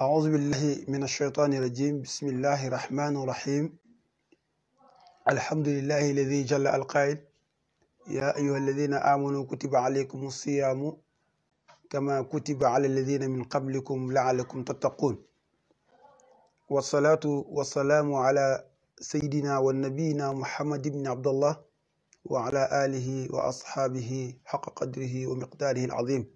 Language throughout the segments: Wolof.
أعوذ بالله من الشيطان الرجيم بسم الله الرحمن الرحيم الحمد لله الذي جل القائل يا أيها الذين آمنوا كتب عليكم الصيام كما كتب على الذين من قبلكم لعلكم تتقون والصلاة والسلام على سيدنا والنبينا محمد بن عبد الله وعلى آله وأصحابه حق قدره ومقداره العظيم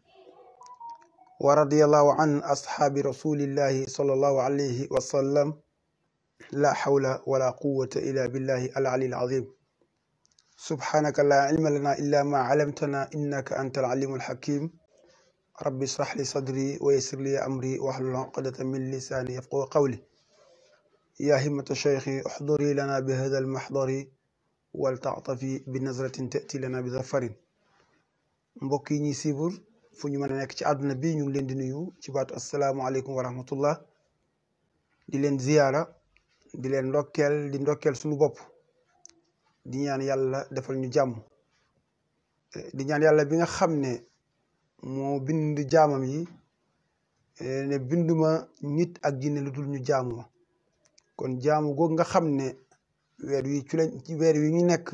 wa radiyallahu an asxaabi rasulillahi sallallahu alayhi wa sallam la xawla wala quwwata illa billahi al ali al azim subhanaka la ilma lana illa ma alamtana innaka anta al alim al hakim rabbi israh li sadri wa yassir li amri wahlul uqdatan min lisani yafqahu qawli ya himmata shaykhi uhduri lana bi hadha al mahdari wal ta'tafi bi nazratin ta'ti lana bi zafarin mbokk yi ñuy siibur fu ñu mën a nekk ci àdduna bi ñu ngi leen di nuyu ci baatu asalaamaaleykum wa rahmatullah di leen ziyaara di leen ndokkeel di ndokkeel suñu bopp di ñaan yàlla defal ñu jàmm eh, di ñaan yàlla bi nga xam ne moo bind jaamam yi eh, ne binduma nit ak jinne lu dul ñu jàmm kon jaamu googu nga xam ne weer wi weer wi ñu nekk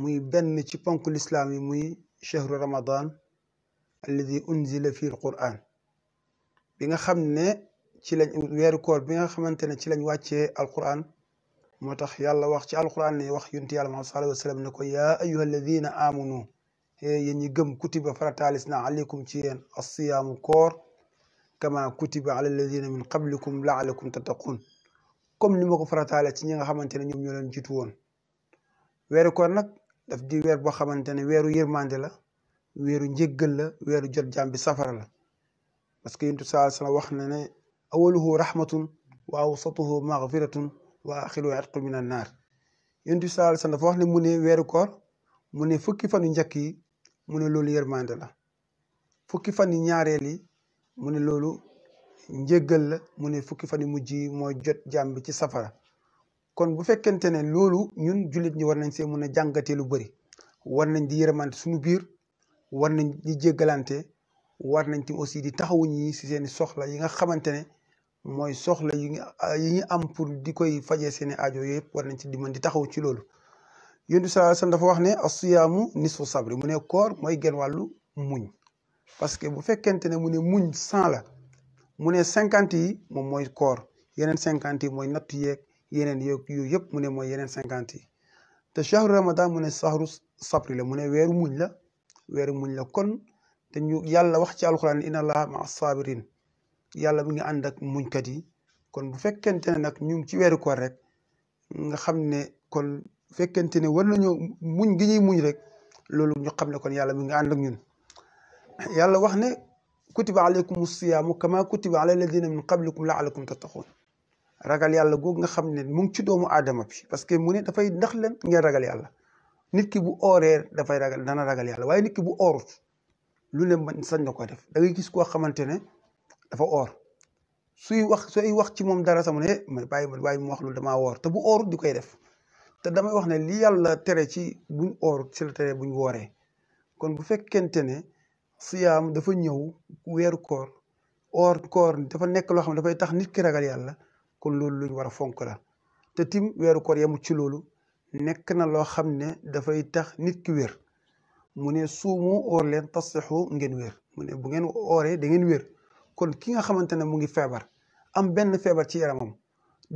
muy benn ci ponk lislaam yi muy chehru ramadan alladi unzila fi alquran bi nga xam ne ci lañ weeru koor bi nga xamante ne ci lañ wàccee alquran moo tax yàlla wax ci alquran ne wax yunti yàlla Muhammad sallallahu alayhi wa sallam ne ko yaa ayyuha alladina amanu e yéen ñi gëm kutiba farataalis na aleykum ci yéen assiyaamu koor kama kutiba ala alladina min qablikum laalakum tattaqun comme ni ma ko farataale ci ñi nga xamante ne ñoom ñoo leen jiitu woon weeru koor nag daf di weer boo xamante ne weeru yërmande la weeru njëggal la weeru jot jaam safara la parce que yonent bi sallallahu alayhi wax na ne awaluhu rahmatun wa awsatuhu maghfiratun wa axiru itqun min an naar yonent bi sallallahu alayhi wasallam dafa wax ne mu ne weeru koor mu ne fukki fan yu njëkk yi mu ne loolu yërmande la fukki fan yu ñaareel mu ne loolu njëggal la mu ne fukki fan yu mujj yi mooy jot jaam bi ci safara kon bu fekkente ne loolu ñun jullit ñi war nañ see mun a jàngatee lu bëri war nañ di yërmante suñu biir war nañ di jéggalante war nañ ci aussi di taxawu ñi si seen soxla yi nga xamante ne mooy soxla yi yi am pour di koy fajee seen i aajo yëpp war nañ ci di mën di taxaw ci loolu yonent bi sallallahu alayhi dafa wax ne ni nisfu sabri mu ne koor mooy genn wàllu muñ parce que bu fekkente ne mu ne muñ cent la mu ne cinquante yi moom mooy koor yeneen cinquante yi mooy nattu yeeg yeneen yeeg yooyu yëpp mu ne mooy yeneen cinquante yi te shahru ramadan mu ne shahru sabri la mu ne weeru muñ la weeru muñ la kon te ñu yàlla wax ci alxuraan inna allaha ma sabirin yàlla mi ngi ànd ak muñkat yi kon bu fekkente ne nag ñu ngi ci weeru koor rek nga xam ne kon fekkente ne war nañoo muñ gi ñuy muñ rek loolu ñu xam ne kon yàlla mi ngi ànd ak ñun yàlla wax ne kutiba alaykum siyaamu kama kutiba ala alladina min qablikum laalakum tattaquun ragal yàlla googu nga xam ne mu ci doomu aadama bi parce que mu ne dafay ndax leen ngeen ragal yàlla nit ki bu ooree dafay ragal dana ragal yàlla waaye nit ki bu oorut lu ne man sañ na ko def da ngay gis koo xamante ne dafa oor suy wax suy wax ci moom dara sama ne eh, man bàyyi man waaye mu wax lu damaa woor te bu oorut di koy def te damay wax ne li yàlla tere ci buñ oorut ci la tere buñ wooree kon bu fekkente ne siyaam dafa ñëw weeru koor oor koor dafa nekk loo xam ne dafay tax nit ki ragal yàlla kon loolu luñ war a fonk la te tim weeru koor yemut ci loolu nekk na loo xam ne dafay tax nit ki wér mu ne suumu oor leen tasixu ngeen wér mu ne bu ngeen ooree da ngeen wér kon ki nga xamante ne mu ngi feebar am benn feebar ci yaramam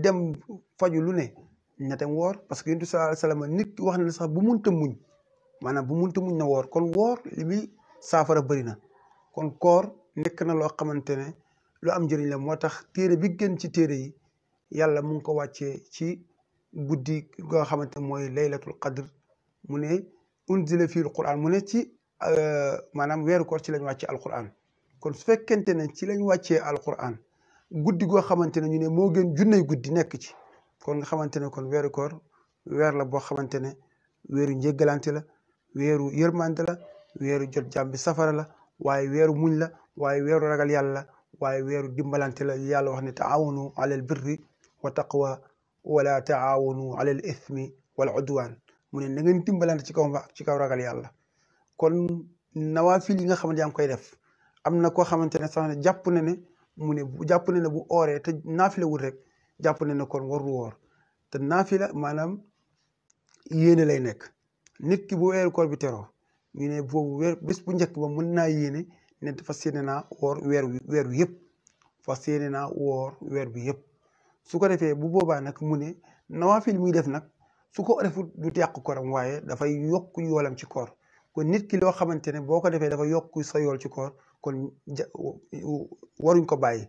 dem faju lu ne na tam woor parce que yonent sa sallallahu alayhi wasallam wax na sax bu munta muñ maanaam bu munta muñ na woor kon woor li muy saafara bëri na kon koor nekk na loo xamante ne lu am njëriñ la moo tax téere bi gën ci téere yi yàlla mu ngi ko wàccee ci guddi goo xamante mooy laylatul qadr mu ne unzila fii alquran mu ne ci euh, maanaam weeru koor ci lañ wàccee alquran kon su fekkente ne ci lañ wàccee alquran guddi goo xamante ne ñu ne moo gën junney guddi nekk ci kon nga xamante ne kon weeru koor weer la boo xamante ne weeru njëggalante la weeru yërmande la weeru jot jàmm safara la waaye weeru muñ la waaye weeru ragal yàlla waaye weeru dimbalante la yàlla wax ne taawanu alal birri wa taqwa wala taawanu ala al ithmi wal udwan mu ne na ngeen dimbalante ci kaw ci kaw ragal yàlla kon nawaafil yi nga xamante yaa ngi koy def am na koo xamante ne sax ne jàpp na ne mu ne bu jàpp na ne bu ooree te naafila wul rek jàpp na ne kon waru woor te naafila maanaam yéene lay nekk nit ki bu weeru koor bi teroo ñu ne boobu weer bés bu njëkk ba mën naa yéene ne fas yéene naa woor weer weer wi yëpp fas yéene naa woor weer bi yëpp su ko defee bu boobaa nag mu ne nawaafil muy def nag su ko defut du ko koram waaye dafay yokk yoolam ci koor kon nit ki loo xamante ne boo ko defee dafa yokk sa yool ci koor kon waruñ ko bàyyi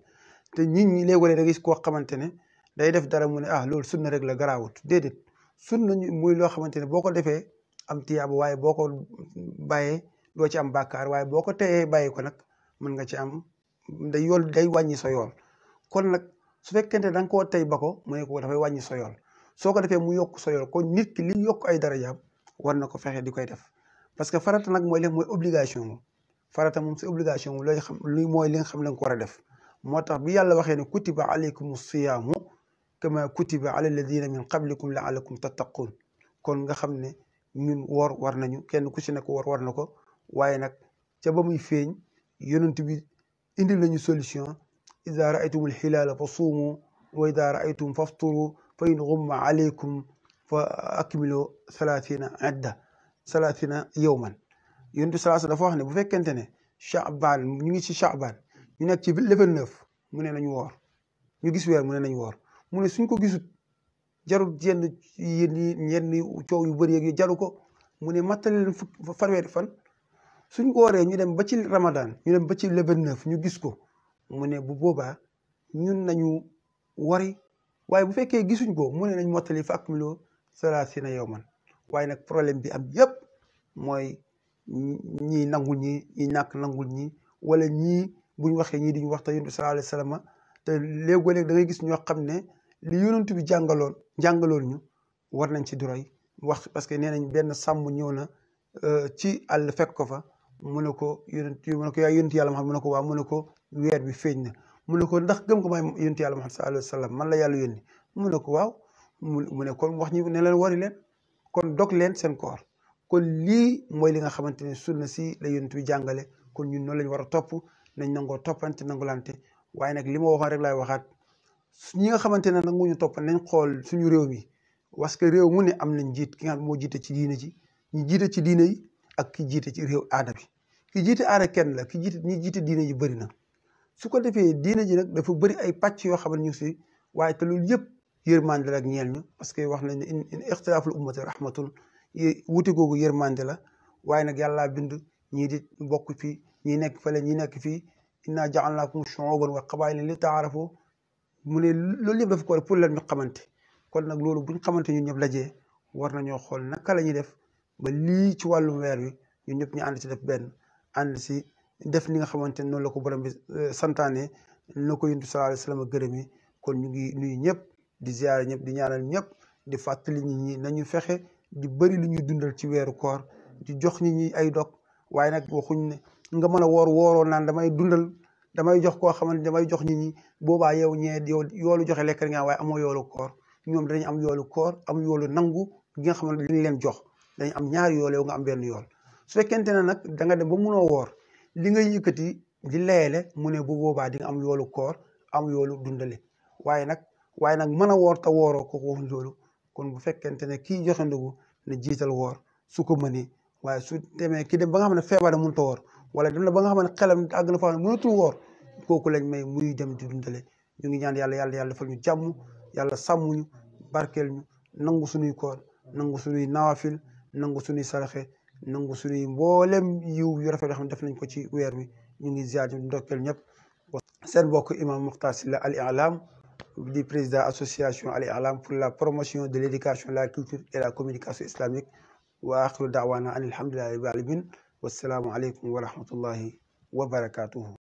te nit ñi léeg-léeg gis koo xamante ne day def dara mu ne ah loolu sunna rek la garaawut déedéet sunna muy loo xamante ne boo ko defee am tiyaaba waaye boo ko bàyyee doo ci am bàkkaar boo ko teyee bàyyi ko nag mën nga ci am day yool day wàññi sa yool kon nag su fekkente ne da nga koo tey ba ko mu ne ko dafay wàññi soyool soo ko defee mu yokk soyool kon nit ki li yokk ay darajaam war na ko fexe di koy def parce que farata nag mooy lépp mooy obligation farata moom si obligation moom looy xam lu mooy li xam la ko war a def moo tax bi yàlla waxee ne kutiba alaykum siyaamu kama kutiba ala alladina min qablikum laalakum tattaqun kon nga xam ne ñun woor war nañu kenn ku si nekk woor war na ko waaye nag ca ba muy feeñ yonent bi na ñu solution ida raaytum alxilaala fa suumu wa ida raaytum fafturu fa in gumma aleykum fa akmilu salatina idda salatina yowman yontu salaasa dafa wax ne bu fekkente ne chaban ñu ngi ci chaban ñu nekk ci le vingt-neuf mu ne nañu woor ñu gis weer mu ne nañu woor mu ne suñ ko gisut jarul yenn yenn yenn coow yu bëri yeeg jaru ko mu ne mattale leen fukk fan suñ ko wooree ñu dem ba ci ramadan ñu ba ci le vingt-neuf ñu gis ko mu ne bu boobaa ñun nañu wari waaye bu fekkee gisuñ ko mu ne nañ mottali fa akmilo salaasina yawman waaye nag problème bi am yëpp mooy ñii nangul ñii ñi ñàkk ñii ñi wala ñii buñ waxee ñii diñu wax te yonent bi sallallahu alayhi wasallam te léegoo-léeg da gis ñoo xam ne li yonent bi jàngaloon jàngaloon ñu war nañ ci doroy wax parce que nee nañ benn sàmm ñëw na euh, ci àll fekk ko fa mu ne ko yonent mu ne ko yaay ma xam mu ne ko waa mu ne ko weer bi feeñ na mu ne ko ndax gëm nga may yonti yàlla Muhammad sallallahu alayhi man la yàlla yónni mu ne ko waaw mu ne kon wax ñu ne leen wari leen kon dog leen seen koor kon lii mooy li nga xamante ne sunna si la yonent bi jàngale kon ñun noonu lañ war a topp nañ nangoo toppante nangulante waaye nag li ma waxoon rek laay waxaat ñi nga xamante ne nag ñu topp nañ xool suñu réew mi parce que réew mu ne am nañ jiit ki nga moo jiite ci diine ji ñu jiite ci diine yi ak ki jiite ci réew aada bi ki jiite aada kenn la ki jiite ñi jiite diine ji bëri na su ko defee diine ji nag dafa bëri ay pàcc yoo xam ne ñu si waaye te loolu yëpp yërmande la ak ñeel ñu parce que wax nañ ne in ixtilaaful ummati rahmatul wuti googu yërmande la waaye nag yàlla bind ñii di bokk fii ñii nekk fa fële ñii nekk fii inna jaalnaakum shuuban wa qabaa'ila li taarafu mu ne loolu yëpp dafa ko war pour leen ñu xamante kon nag loolu buñ xamante ñun ñëpp lajee war nañoo xool naka la ñuy def ba lii ci wàllum weer yi ñun ñëpp ñu ànd ci def benn ànd si def li nga xamante ne noonu la ko borom bi euh, santaane na ko yuntu sallallahu alayhi wasallam gërëmee kon ñu ngi nuyu ñëpp di ziare ñëpp di ñaanal ñëpp di fàttali nit ñi nañu fexe di bëri lu ñuy dundal ci weeru koor di jox nit ñi ay dog waaye nag waxuñ ne nga mën a woor wooroo naan damay dundal damay jox koo xamante damay jox ñi ñi boobaa yow ñee yow yoolu joxe lekk nga waaye amoo yoolu koor ñoom dañu am yoolu koor am yoolu nangu gi nga xamante ne dañ leen jox dañ am ñaari yool yow nga am benn yool su fekkente ne nag da dem ba munoo woor li ngay yëkkati di layele mu ne bu boobaa di am yoolu koor am yoolu dundale waaye nag waaye nag mën a woor te wooroo ko waxuñ loolu kon bu fekkente ne kii joxe ndogu ne jiital woor su ko mënee waaye su demee kii dem ba nga xam ne feebar mënut a woor wala dem na ba nga xam ne xelam àgg na fa mënatul woor kooku lañ may muy dem di dundale ñu ngi ñaan yàlla yàlla yàlla defal ñu jàmm yàlla sàmm ñu barkeel ñu nangu suñuy koor nangu suñuy nawaafil nangu suñuy saraxe nangu suñuy mboolem yiw yu rafet yoo xam ne def nañ ko ci weer wi ñu ngi ziar ñu ndokkeel ñëpp seen bokk imam Makhtar Sylla Al I'lam di président association Al I'lam pour la promotion de l'éducation la culture communication islamique waa axiru daawaana an alhamdulillahi rabbil alamin wassalaamu aleykum wa rahmatullahi wa barakatuhu